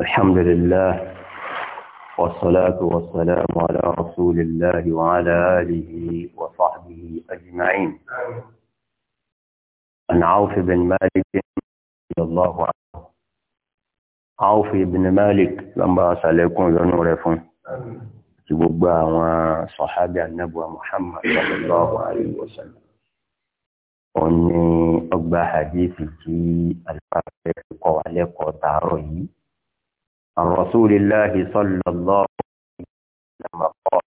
الحمد لله والصلاة والسلام على رسول الله وعلى آله وصحبه أجمعين عن عوف بن مالك رضي الله عنه عوف بن مالك لما سألكم ذنورفون gbogbo àwọn sọ̀hábí ànábì Muhammad sallallahu alayhi wa sallam òun ni ọgbà hadithi tí alifáfẹ́ kọ́ yìí عن رسول الله صلى الله عليه وسلم قال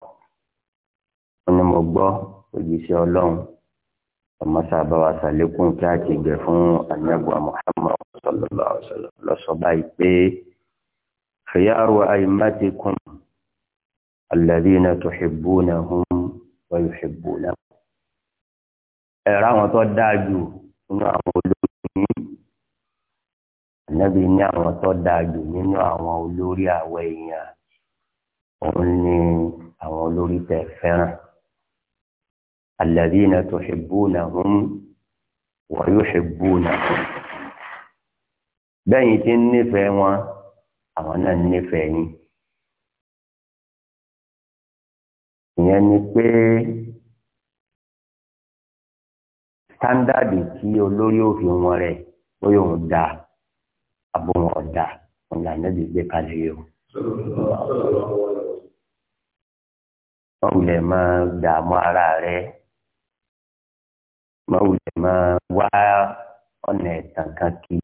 ọ̀nà mo gbọ́ òjíṣẹ́ ọlọ́run ọmọ sábà wa ṣàlékún kí a ti gbẹ fún anagba muhammad sallallahu alaihi wasallam lọ́sọ báyìí pé khiyaru aimatikum alladhina tuhibbunahum wa yuhibbunakum ẹ̀rọ àwọn tó dáa jù nínú àwọn ànábì ní àwọn tó dáa jù nínú àwọn olórí àwọn èèyàn òun ni àwọn olórí tẹ́ fẹ́ràn alladhina tuhibbunahum wa yuhibbunakum bẹ́yìn tí ń nífẹ̀ẹ́ wọn àwọn náà ń nífẹ̀ẹ́ yín ìyẹn ni pé sítándàdì tí olórí òfin wọn rẹ̀ ó yóò dáa àbúrò ọ̀dà ọ̀là nẹ́bí gbé kalẹ̀ yìí o. mọ̀wùlẹ̀ máa dààmú ara rẹ̀ mọ̀wùlẹ̀ máa wá ọ̀nà ẹ̀tàn kan kí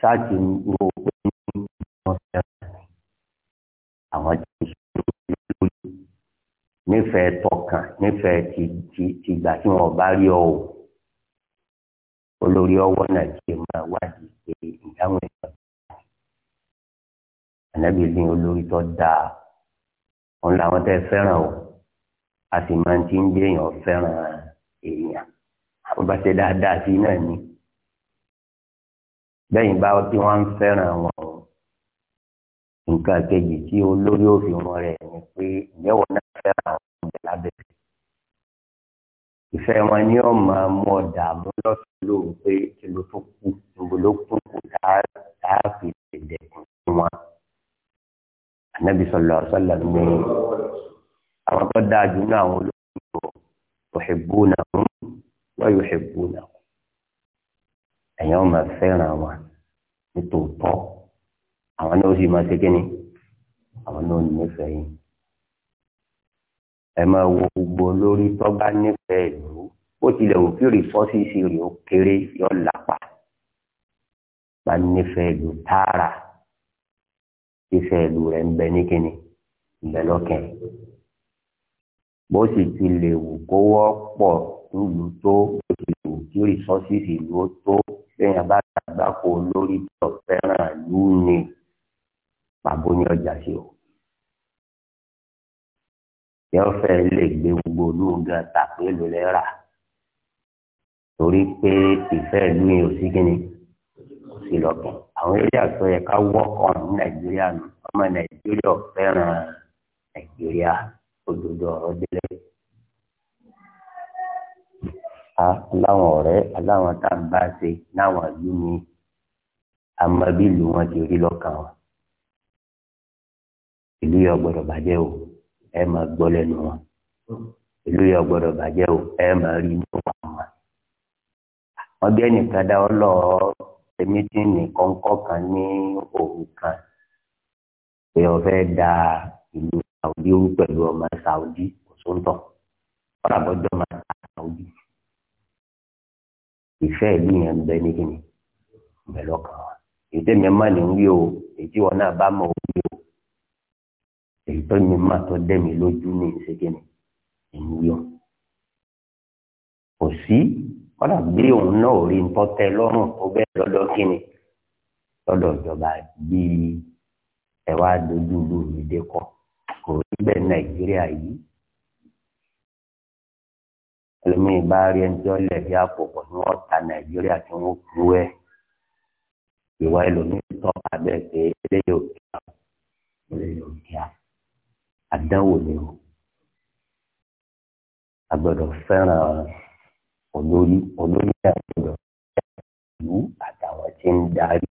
sáàtì wo pé wọ́n fẹ́ràn àwọn tí nífẹ̀ẹ́ tọkàn nífẹ̀ẹ́ ti ti ti gbà tí wọ́n bá rí ọ olórí ọwọ́ náà kí ẹ máa wádìí pé ìdáhùn ẹ̀ lọ. ànábì ní olórí tó dáa òun làwọn tẹ́ fẹ́ràn o a sì máa ti ń jẹ́ èèyàn èèyàn àwọn ṣe dáadáa sí náà ni bẹ́yìn bá tí wọ́n ń fẹ́ràn wọn o nǹkan kejì tí olórí òfin rẹ̀ ni pé ìyẹ́wọ̀n náà fẹ́ràn àwọn ọmọ ìbẹ̀ lábẹ́ ìfẹ́ wọn ni ó máa mú ọ̀dà fi dèdè kún wọn. Ànábì sallallahu alaihi wasallam ní àwọn tó dáa jù ní àwọn olóògbé yuhibbunahum wa yuhibbunakum. Ẹ̀yin ọmọ fẹ́ràn wọn nítòótọ́ àwọn náà sì máa ṣe kí ni àwọn náà nífẹ̀ẹ́ yín. Ẹ máa wo gbogbo lórí tó bá nífẹ̀ẹ́ ìlú ó tilẹ̀ òfin rìpọ́sì sí rè ó kéré yọ lápá bá nífẹ̀ẹ́ ìlú tààrà ìfẹ́ ìlú rẹ̀ ń bẹ ní kíni ìbẹ̀ lọ́kẹ̀. bó sì ti lè wù kó wọ́pọ̀ nílùú tó bó ti lè wù kí rìsọ́sìsì ìlú tó fẹ́yìn bá gbàgbọ́ lórí tó fẹ́ràn ìlú ni pàbó ní ọjà sí o. yóò lè gbé gbogbo olú gan tàpé lólẹ́ rà torí pé ìfẹ́ ìlú yẹn ò sí kíni sí lọ́kàn àwọn eré àtọ́ yẹ ká wọ́kọ̀ ní nàìjíríà nù ọmọ nàìjíríà fẹ́ràn nàìjíríà òdodo ọ̀rọ̀ délẹ̀. a láwọn ọ̀rẹ́ aláwọn tá à ń bá ṣe láwọn ìlú ni àmọ́ bí ìlú wọn ti rí lọ́kàn wọn. ìlú yẹn gbọ́dọ̀ bàjẹ́ o ẹ máa gbọ́ lẹ́nu wọn ìlú yẹn gbọ́dọ̀ bàjẹ́ o ẹ máa rí inú wọn. wọ́n bí ẹnìkan dá ọ lọ́ọ́ èmi tí nìkan kọ́ kan ní òru kan pé ọ̀fẹ́ da ìlú Saudi rú pẹ̀lú ọmọ Saudi òṣùntàn ọ̀làbọ̀jọ́ ọmọ Saudi ìfẹ́ ìlú yẹn ń bẹ ní kíni ìbẹ̀lọ́ kan wa èyí tẹ̀mí ẹ̀ má ní wí o èyí wọn náà bá mọ̀ wí o èyí tó ní má tó dẹ̀mí lójú ní ìṣègùn ìmúyọ kò sí kọ́dà bí òun náà ò rí ntọ́tẹ lọ́rùn tó bẹ́ẹ̀ lọ́dọ̀ kínni lọ́dọ̀ ìjọba bíi ẹ̀wá dojú ìlú mi dé kọ́ kò rí bẹ́ẹ̀ nàìjíríà yìí ẹlòmíì bá rí ẹjọ́ lẹ̀bi àpòpọ̀ ní wọ́n ta nàìjíríà tí wọ́n kú ẹ̀ ìwà ẹlòmíì tọ́ka bẹ́ẹ̀ pé eléyìí ò kíá eléyìí ò kíá àdánwò ni o a gbọ́dọ̀ fẹ́ràn ọ̀rọ̀ olórí olórí àgbọ̀dọ̀ ìlú àtàwọn tí ń darí